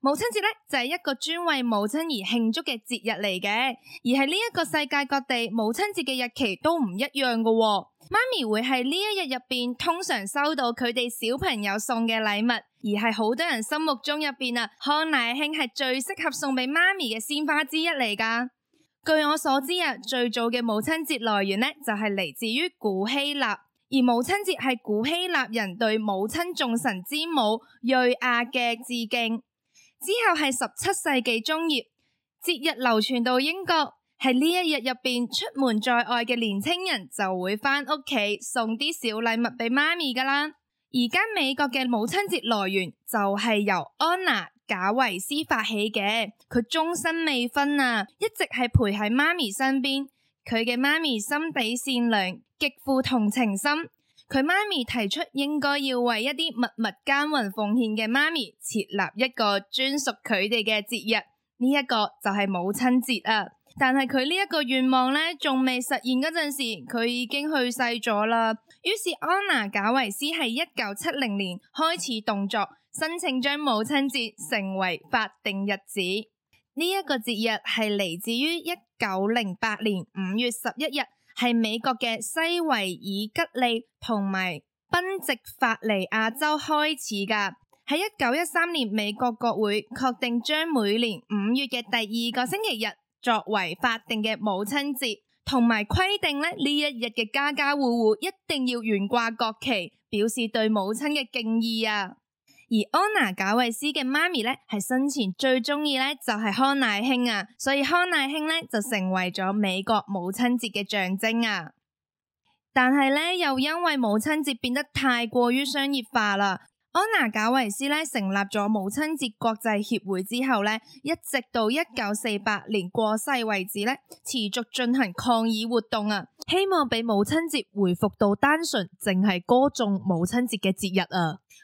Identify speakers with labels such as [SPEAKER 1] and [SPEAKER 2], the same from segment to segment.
[SPEAKER 1] 母親節呢，就係一個專為母親而慶祝嘅節日嚟嘅，而係呢一個世界各地母親節嘅日期都唔一樣喎，媽咪會喺呢一日入面通常收到佢哋小朋友送嘅禮物，而係好多人心目中入面啊，康乃馨係最適合送俾媽咪嘅鮮花之一嚟㗎。據我所知啊，最早嘅母親節來源呢，就係嚟自於古希臘，而母親節係古希臘人對母親眾神之母瑞亞嘅致敬。之後係十七世紀中葉，節日流傳到英國，喺呢一日入面，出門在外嘅年輕人就會返屋企送啲小禮物俾媽咪㗎啦。而家美國嘅母親節來源就係由安娜賈維斯發起嘅，佢終身未婚啊，一直係陪喺媽咪身邊，佢嘅媽咪心地善良，極富同情心。佢媽咪提出應該要為一啲默默耕耘奉獻嘅媽咪設立一個專屬佢哋嘅節日，呢一個就係母親節啊！但係佢呢一個願望呢，仲未實現嗰陣時，佢已經去世咗啦。於是安娜賈維斯喺一九七零年開始動作，申請將母親節成為法定日子。呢一個節日係嚟自於一九零八年五月十一日。是美國嘅西維爾吉利同埋賓夕法尼亞州開始㗎。喺一九一三年，美國國會確定將每年五月嘅第二個星期日作為法定嘅母親節，同埋規定呢一日嘅家家戶戶一定要懸掛國旗，表示對母親嘅敬意啊！而安娜賈維斯嘅媽咪咧，係生前最鍾意咧，就係康乃馨啊，所以康乃馨咧就成為咗美國母親節嘅象徵啊。但係咧，又因為母親節變得太過於商業化啦。安娜賈維斯咧成立咗母親節國際協會之後咧，一直到一九四八年過世為止咧，持續進行抗議活動啊，希望俾母親節回復到單純，淨係歌頌母親節嘅節日啊。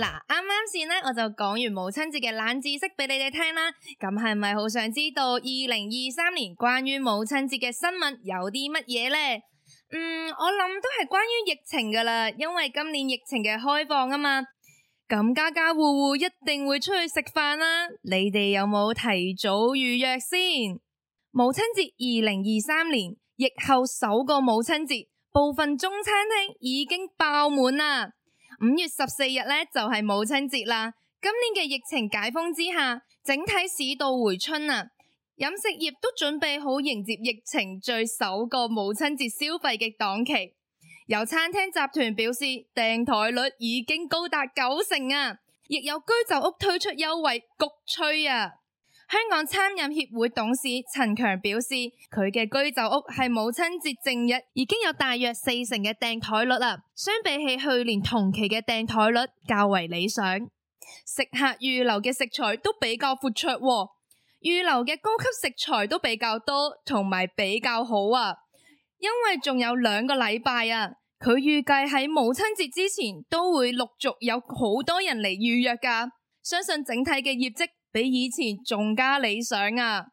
[SPEAKER 1] 嗱，啱啱先咧，我就講完母親節嘅冷知識俾你哋聽啦。咁係咪好想知道二零二三年關於母親節嘅新聞有啲乜嘢呢？嗯，我諗都係關於疫情噶啦，因為今年疫情嘅開放啊嘛。咁家家戶戶一定會出去食飯啦。你哋有冇提早預約先？母親節二零二三年疫後首個母親節，部分中餐廳已經爆滿啦。五月十四日呢，就係母親節啦，今年嘅疫情解封之下，整體市道回春啊，飲食業都準備好迎接疫情最首個母親節消費嘅檔期。有餐廳集團表示，訂枱率已經高達九成啊，亦有居酒屋推出優惠，焗吹啊！香港餐飲協會董事陳強表示，佢嘅居酒屋係母親節正日已經有大約四成嘅訂枱率啦，相比起去年同期嘅訂枱率較為理想。食客預留嘅食材都比較闊綽，預留嘅高級食材都比較多同埋比較好啊。因為仲有兩個禮拜啊，佢預計喺母親節之前都會陸續有好多人嚟預約噶，相信整體嘅業績。比以前仲加理想啊！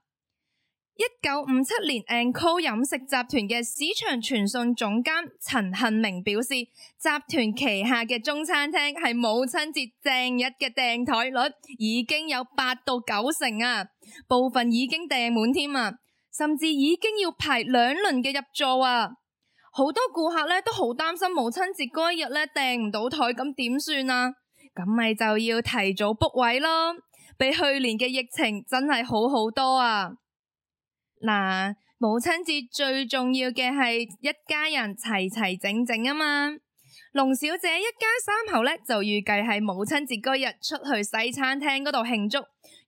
[SPEAKER 1] 一九五七年& Co. 飲食集團嘅市場傳訊總監陳幸明表示，集團旗下嘅中餐廳係母親節正日嘅訂枱率已經有八到九成啊，部分已經訂滿添啊，甚至已經要排兩輪嘅入座啊。好多顧客咧都好擔心母親節嗰一日咧訂唔到枱，咁點算啊？咁咪就要提早 book 位咯。比去年嘅疫情真係好好多啊！嗱，母親節最重要嘅係一家人齊齊整整啊嘛。龍小姐一家三口咧就預計喺母親節嗰日出去西餐廳嗰度慶祝，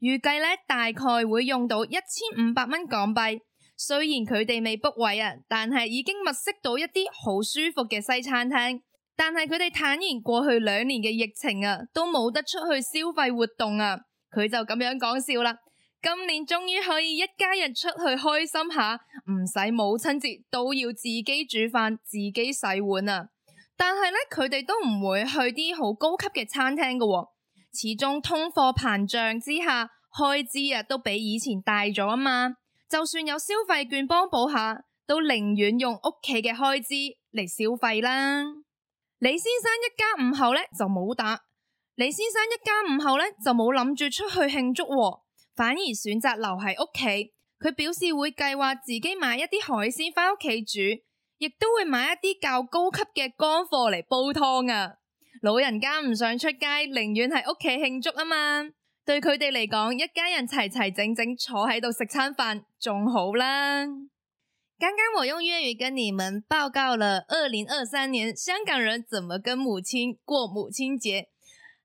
[SPEAKER 1] 預計咧大概會用到一千五百蚊港幣。雖然佢哋未 book 位啊，但係已經物色到一啲好舒服嘅西餐廳。但係佢哋坦言，過去兩年嘅疫情啊，都冇得出去消費活動啊。佢就咁樣講笑啦，今年終於可以一家人出去開心下，唔使母親節都要自己煮飯、自己洗碗啊！但係咧，佢哋都唔會去啲好高級嘅餐廳㗎喎。始終通貨膨脹之下，開支啊都比以前大咗啊嘛！就算有消費券幫補下，都寧願用屋企嘅開支嚟消費啦。李先生一家五口咧就冇打。李先生一家五口呢，就冇諗住出去慶祝，哦，反而選擇留喺屋企。佢表示會計劃自己買一啲海鮮返屋企煮，亦都會買一啲較高級嘅乾貨嚟煲湯啊。老人家唔想出街，寧願喺屋企慶祝啊嘛。對佢哋嚟講，一家人齊齊整整坐喺度食餐飯仲好啦。剛剛我用粵語跟你們報告了二零二三年香港人怎麼跟母親過母親節。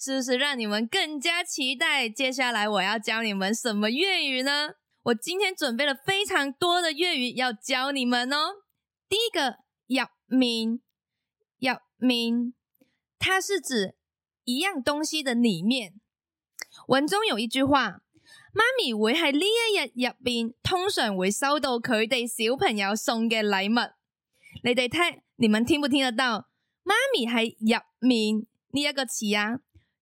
[SPEAKER 1] 是不是讓你們更加期待接下來我要教你們什麼粵語呢？我今天準備了非常多的粵語要教你們哦。第一個入面。入面，它是指一樣東西的裏面。文中有一句話，媽咪會喺呢一日入面通常會收到佢哋小朋友送嘅禮物。你哋聽，你們聽不聽得到？媽咪喺入面呢一個詞啊？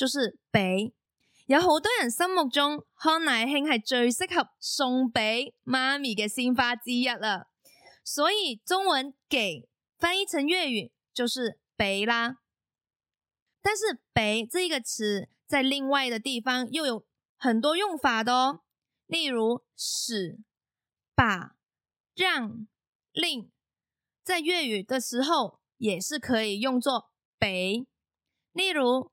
[SPEAKER 1] 就是俾，有好多人心目中康乃馨係最適合送俾媽咪嘅鮮花之一啦，所以中文給翻譯成粵語就是俾啦。但是俾這一個詞在另外的地方又有很多用法的哦，例如使、把、讓、令，在粵語的時候也是可以用作俾，例如。